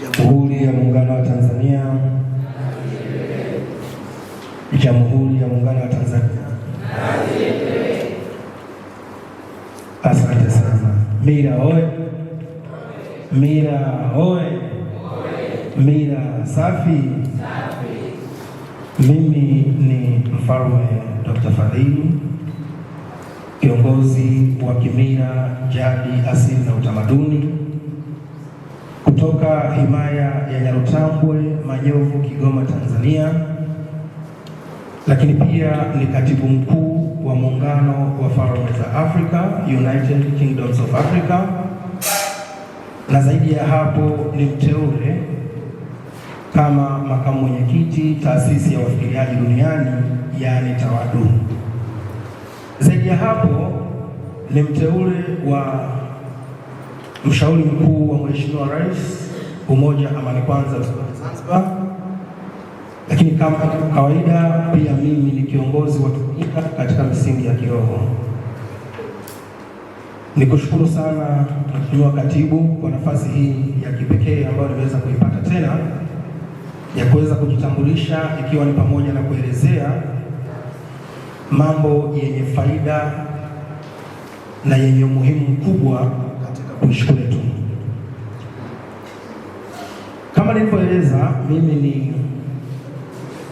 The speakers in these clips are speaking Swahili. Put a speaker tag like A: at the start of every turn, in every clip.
A: Jamhuri ya Muungano wa Tanzania, Jamhuri ya Muungano wa Tanzania. Asante sana. Mira oye! Mira oye! Mira safi! Mimi ni Mfalme Dr. Fadhili, kiongozi wa Kimira, jadi, asili na utamaduni kutoka himaya ya Nyarutambwe Majovu, Kigoma, Tanzania, lakini pia ni katibu mkuu wa muungano wa falme za Afrika, United Kingdoms of Africa, na zaidi ya hapo ni mteule kama makamu mwenyekiti taasisi ya wafikiriaji duniani, yaani TAWADU. Zaidi ya hapo ni mteule wa mshauri mkuu wa Mheshimiwa Rais Umoja Amani Kwanza Zanzibar. Lakini kama kawaida, pia mimi ni kiongozi wa Tundika katika misingi ya kiroho. Nikushukuru sana Mheshimiwa Katibu kwa nafasi hii ya kipekee ambayo nimeweza kuipata tena ya kuweza kujitambulisha ikiwa ni pamoja na kuelezea mambo yenye faida na yenye umuhimu mkubwa katika kuishukuru Kama nilivyoeleza, mimi ni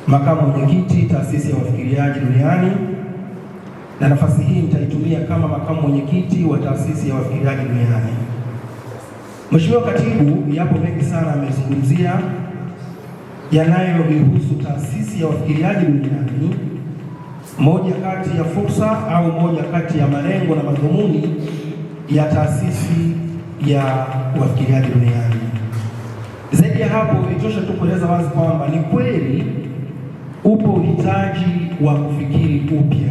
A: makamu mwenyekiti taasisi ya wafikiriaji duniani, na nafasi hii nitaitumia kama makamu mwenyekiti wa taasisi ya wafikiriaji duniani. Mheshimiwa Katibu, yapo mengi sana amezungumzia yanayohusu taasisi ya wafikiriaji duniani. Moja kati ya fursa au moja kati ya malengo na madhumuni ya taasisi ya wafikiriaji duniani hapo ilitosha tu kueleza wazi kwamba ni kweli upo uhitaji wa kufikiri upya.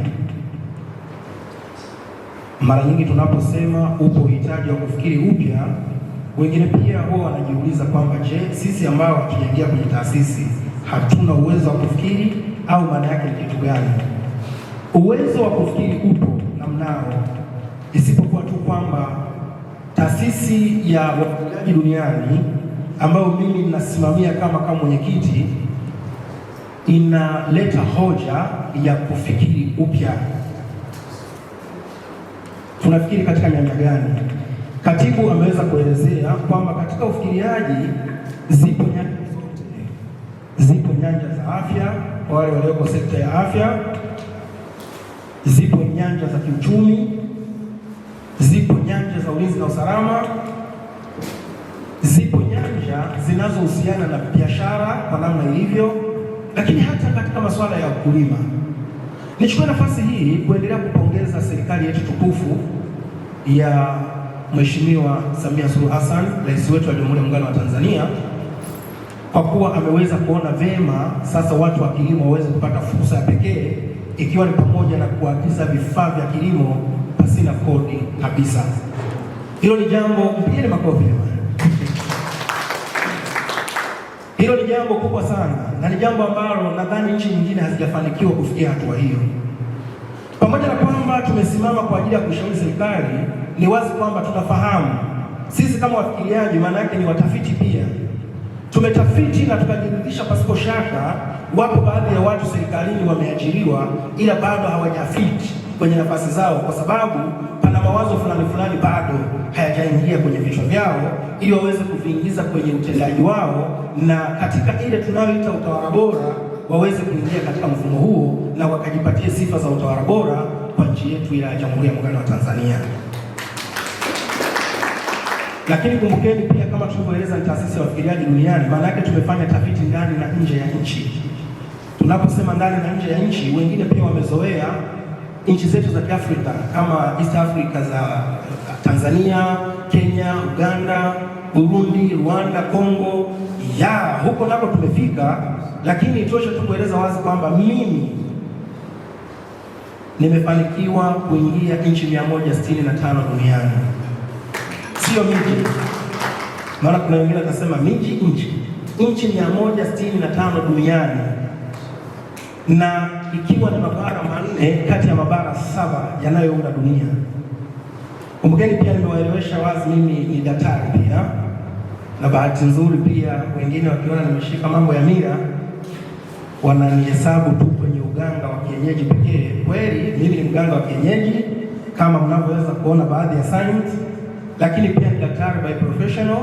A: Mara nyingi tunaposema upo uhitaji wa kufikiri upya, wengine pia huwa wanajiuliza kwamba je, sisi ambao hatujaingia kwenye taasisi hatuna uwezo wa kufikiri au maana yake ni kitu gani? Uwezo wa kufikiri upo na mnao, isipokuwa tu kwamba taasisi ya wafugaji duniani ambayo mimi ninasimamia kama kama mwenyekiti inaleta hoja ya kufikiri upya. Tunafikiri katika nyanja gani? Katibu ameweza kuelezea kwamba katika ufikiriaji zipo nyanja zote, zipo nyanja za afya kwa wale walioko sekta ya afya, zipo nyanja za kiuchumi, zipo nyanja za ulinzi na usalama, zipo zinazohusiana na biashara kwa namna ilivyo, lakini hata katika masuala ya ukulima. Nichukue nafasi hii kuendelea kupongeza serikali yetu tukufu ya Mheshimiwa Samia Suluhu Hassan, rais wetu wa Jamhuri ya Muungano wa Tanzania, kwa kuwa ameweza kuona vema sasa watu wa kilimo waweze kupata fursa ya pekee, ikiwa ni pamoja na kuagiza vifaa vya kilimo pasina kodi kabisa. Hilo ni jambo, mpigeni makofi. Hilo ni jambo kubwa sana na ni jambo ambalo nadhani nchi nyingine hazijafanikiwa kufikia hatua hiyo. Pamoja na kwamba tumesimama kwa ajili ya kushauri serikali, ni wazi kwamba tunafahamu sisi kama wafikiriaji, maana yake ni watafiti pia, tumetafiti na tukajiridhisha pasipo shaka, wapo baadhi ya watu serikalini wameajiriwa, ila bado hawajafiti kwenye nafasi zao kwa sababu pana mawazo fulani fulani bado hayajaingia kwenye vichwa vyao, ili waweze kuviingiza kwenye utendaji wao, na katika ile tunayoita utawala bora waweze kuingia katika mfumo huo na wakajipatie sifa za utawala bora kwa nchi yetu ya Jamhuri ya Muungano wa Tanzania. Lakini kumbukeni pia, kama tulivyoeleza, ni taasisi ya wafikiriaji duniani. Maana yake tumefanya tafiti ndani na nje ya nchi. Tunaposema ndani na nje ya nchi, wengine pia wamezoea nchi zetu za Kiafrika kama East Africa za Tanzania, Kenya, Uganda, Burundi, Rwanda, Kongo, ya huko nako tumefika, lakini itoshe tu kueleza wazi kwamba mimi nimefanikiwa kuingia nchi 165 duniani, sio miji. Maana kuna wengine akasema miji, nchi nchi 165 duniani na ikiwa ni mabara manne kati ya mabara saba yanayounda dunia. Kumbukeni pia nimewaelewesha wazi, mimi ni daktari pia, na bahati nzuri pia wengine wakiona nimeshika mambo ya mila wananihesabu tu kwenye uganga wa kienyeji pekee. Kweli mimi ni mganga wa kienyeji kama mnavyoweza kuona baadhi ya science, lakini pia ni daktari by professional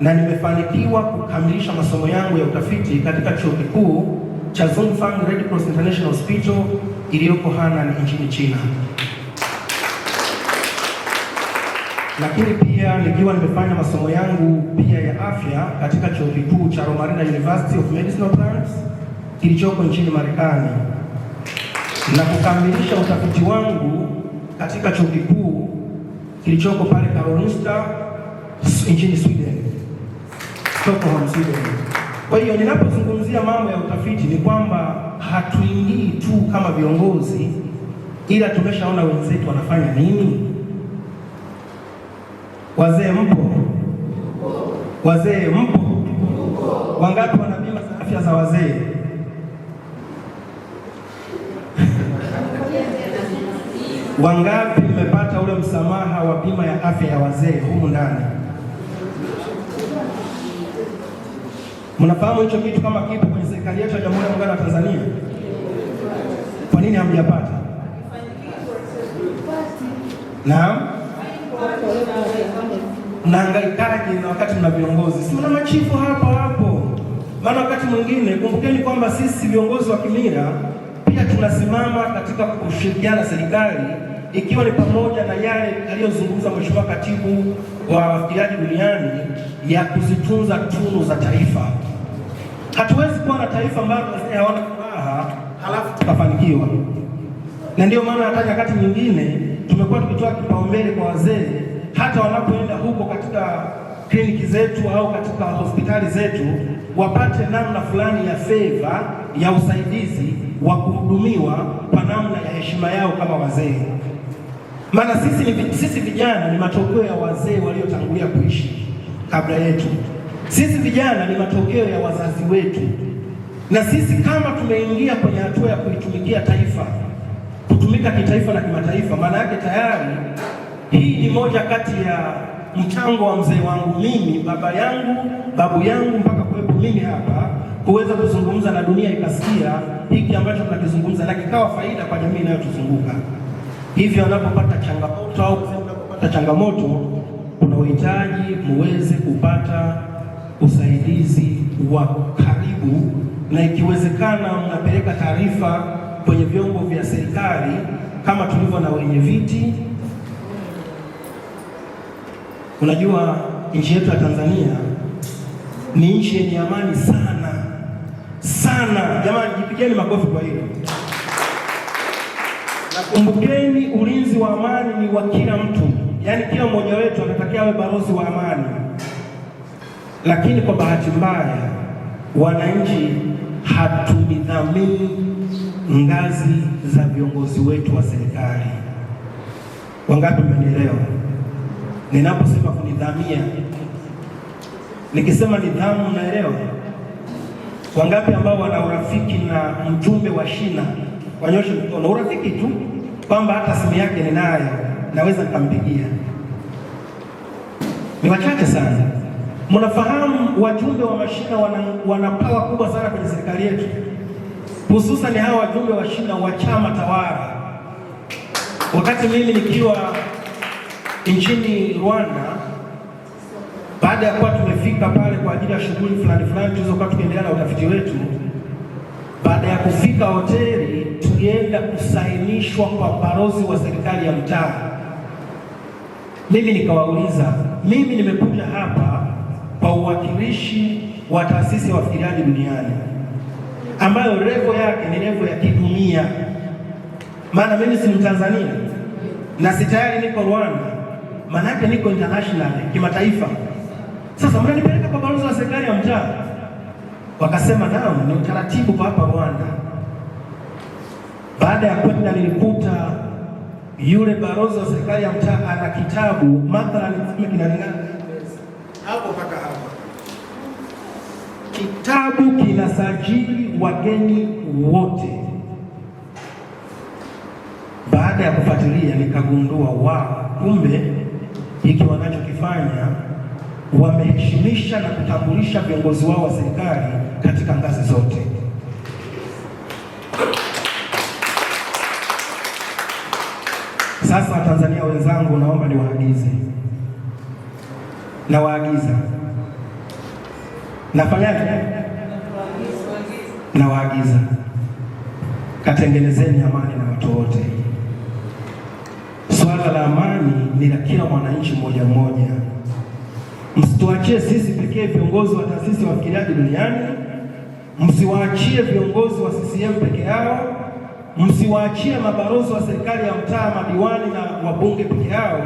A: na nimefanikiwa kukamilisha masomo yangu ya utafiti katika chuo kikuu cha Zongfang Red Cross International Hospital iliyoko Hanan nchini China. Lakini pia nikiwa nimefanya masomo yangu pia ya afya katika chuo kikuu cha Romarina University of Medicinal Plants kilichoko nchini Marekani na kukamilisha utafiti wangu katika chuo kikuu kilichoko pale Karolinska nchini Sweden, Stockholm, Sweden. Kwa hiyo ninapozungumza Tukizungumzia mambo ya utafiti, ni kwamba hatuingii tu kama viongozi, ila tumeshaona wenzetu wanafanya nini. Wazee mpo, wazee mpo, wangapi wana bima za afya za wazee? wangapi mmepata ule msamaha wa bima ya afya ya wazee humu ndani? Mnafahamu hicho kitu kama kipo kwenye serikali yetu ya Jamhuri ya Muungano wa Tanzania? Kwa nini hamjapata? Naam, mnahangaikaje na wakati mna viongozi, si mna machifu hapo hapo? Maana wakati mwingine, kumbukeni kwamba sisi viongozi wa kimila pia tunasimama katika kushirikiana na serikali, ikiwa ni pamoja na yale aliyozungumza Mheshimiwa Katibu wa Wafikiliaji Duniani ya kuzitunza tunu za taifa. Hatuwezi kuwa na taifa ambalo hawana furaha halafu tukafanikiwa, na ndio maana hata nyakati nyingine tumekuwa tukitoa kipaumbele kwa wazee, hata wanapoenda huko katika kliniki zetu au katika hospitali zetu, wapate namna fulani ya feva ya usaidizi wa kuhudumiwa kwa namna ya heshima yao kama wazee, maana sisi, sisi vijana ni matokeo ya wazee waliotangulia kuishi kabla yetu. Sisi vijana ni matokeo ya wazazi wetu, na sisi kama tumeingia kwenye hatua ya kuitumikia taifa, kutumika kitaifa na kimataifa, maana yake tayari hii ni moja kati ya mchango wa mzee wangu mimi, baba yangu, babu yangu, mpaka kuwepo mimi hapa kuweza kuzungumza na dunia ikasikia hiki ambacho tunakizungumza na kikawa faida kwa jamii inayotuzunguka. Hivyo anapopata changamoto au unapopata changamoto unaohitaji muweze kupata usaidizi wa karibu, na ikiwezekana mnapeleka taarifa kwenye vyombo vya serikali kama tulivyo na wenye viti. Unajua nchi yetu ya Tanzania ni nchi yenye amani sana sana, jamani, jipigeni makofi kwa hilo. Nakumbukeni, ulinzi wa amani ni wa kila mtu yaani kila mmoja wetu anatakiwa awe balozi wa amani, lakini kwa bahati mbaya wananchi hatunidhamini ngazi za viongozi wetu wa serikali. Wangapi mmenielewa ninaposema kunidhamia? Nikisema nidhamu, mnaelewa? Wangapi ambao wana urafiki na mjumbe wa shina, wanyoshe mkono. Urafiki tu kwamba hata simu yake ninayo naweza nikampigia. Ni wachache sana. Mnafahamu wajumbe wa mashina wana, wana pawa kubwa sana kwenye serikali yetu, hususan hawa wajumbe wa shina wa chama tawala. Wakati mimi nikiwa nchini Rwanda, baada ya kuwa tumefika pale kwa ajili ya shughuli fulani fulani tulizokuwa tukiendelea na utafiti wetu, baada ya kufika hoteli, tulienda kusainishwa kwa balozi wa serikali ya mtaa. Mimi nikawauliza, mimi nimekuja hapa kwa uwakilishi wa taasisi ya wafikiriaji duniani ambayo revo yake ni revo ya kidunia, maana mimi si Mtanzania na si tayari niko Rwanda, yake niko international, kimataifa. Sasa mnanipeleka kwa balozi wa serikali ya mtaa? Wakasema naam, ni utaratibu kwa hapa Rwanda. Baada ya kwenda nilikuta yule barozi wa serikali ya mtaa ana kitabu mathalani kama kinalingana hapo mpaka hapo. Kitabu kinasajili wageni wote. Baada ya kufuatilia, nikagundua wa kumbe hiki wanachokifanya wameheshimisha na kutambulisha viongozi wao wa serikali katika ngazi zote. Sasa Tanzania wenzangu, naomba niwaagize, nawaagiza, nafanyaje? Nawaagiza, katengenezeni amani na watu wote. Swala la amani ni la kila mwananchi mmoja mmoja, msituachie sisi pekee viongozi wa taasisi wafikiriaji duniani, msiwaachie viongozi wa CCM peke yao msiwaachie mabalozi wa serikali ya mtaa, madiwani na wabunge peke yao.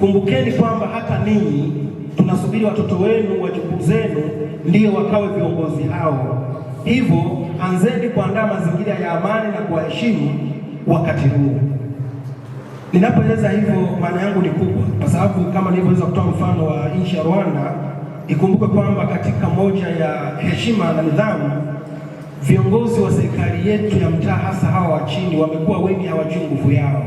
A: Kumbukeni kwamba hata ninyi tunasubiri watoto wenu, wajukuu zenu ndiyo wakawe viongozi hao. Hivyo anzeni kuandaa mazingira ya amani na kuwaheshimu wakati huu. Ninapoeleza hivyo, maana yangu ni kubwa, kwa sababu kama nilivyoweza kutoa mfano wa nchi ya Rwanda, ikumbuke kwamba katika moja ya heshima na nidhamu Viongozi wa serikali yetu ya mtaa, hasa hawa wa chini, wamekuwa wengi hawajui nguvu yao,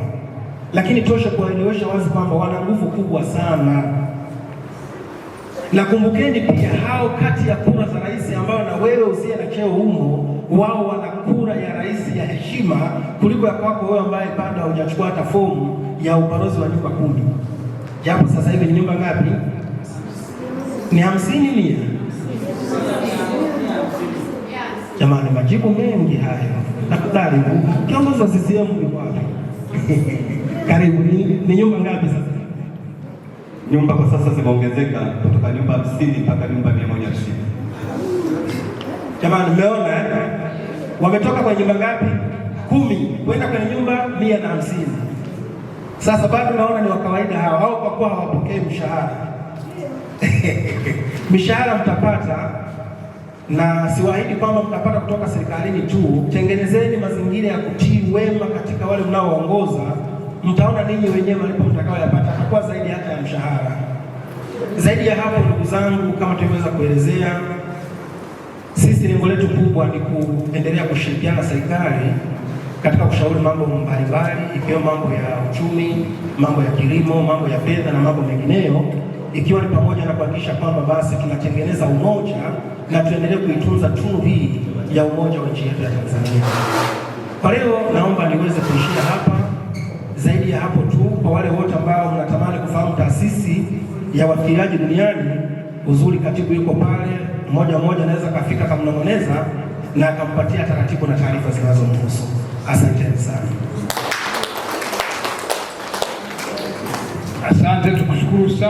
A: lakini tosha kuwaelewesha wazi kwamba wana nguvu kubwa sana. Na kumbukeni pia hao, kati ya kura za rais ambao na wewe usiye na cheo humo, wao wana kura ya rais ya heshima kuliko ya kwako wewe ambaye bado haujachukua hata fomu ya ubalozi wa nyumba kumi, japo sasa hivi ni nyumba ngapi? Ni hamsini mia Jamani, majibu mengi hayo. Nakudari kiongozi wa CCM ni wapi? Karibu ni, ni nyumba ngapi sasa?
B: Nyumba kwa sasa zimeongezeka kutoka nyumba hamsini mpaka nyumba 120.
A: Jamani, mmeona eh? wametoka kwenye nyumba ngapi? Kumi kwenda kwenye nyumba mia na hamsini. Sasa bado naona ni wa kawaida hawa au kwa kuwa hawapokei mshahara mishahara mtapata na siwaahidi kwamba mtapata kutoka serikalini tu Tengenezeni mazingira ya kutii wema katika wale mnaoongoza, mtaona ninyi wenyewe malipo mtakayoyapata hakuwa zaidi hata ya mshahara. Zaidi ya hapo, ndugu zangu, kama tulivyoweza kuelezea, sisi lengo letu kubwa ni kuendelea kushirikiana na serikali katika kushauri mambo mbalimbali, ikiwemo mambo ya uchumi, mambo ya kilimo, mambo ya fedha na mambo mengineyo ikiwa ni pamoja na kuhakikisha kwamba basi tunatengeneza umoja na tuendelee kuitunza tunu hii ya umoja wa nchi yetu ya Tanzania. Kwa leo naomba niweze kuishia hapa. Zaidi ya hapo tu, kwa wale wote ambao mnatamani kufahamu taasisi ya wafikiriaji duniani, uzuri katibu yuko pale, mmoja mmoja anaweza kafika kamnong'oneza na akampatia taratibu na taarifa zinazomhusu. Asanteni sana. Asante, tukushukuru sana.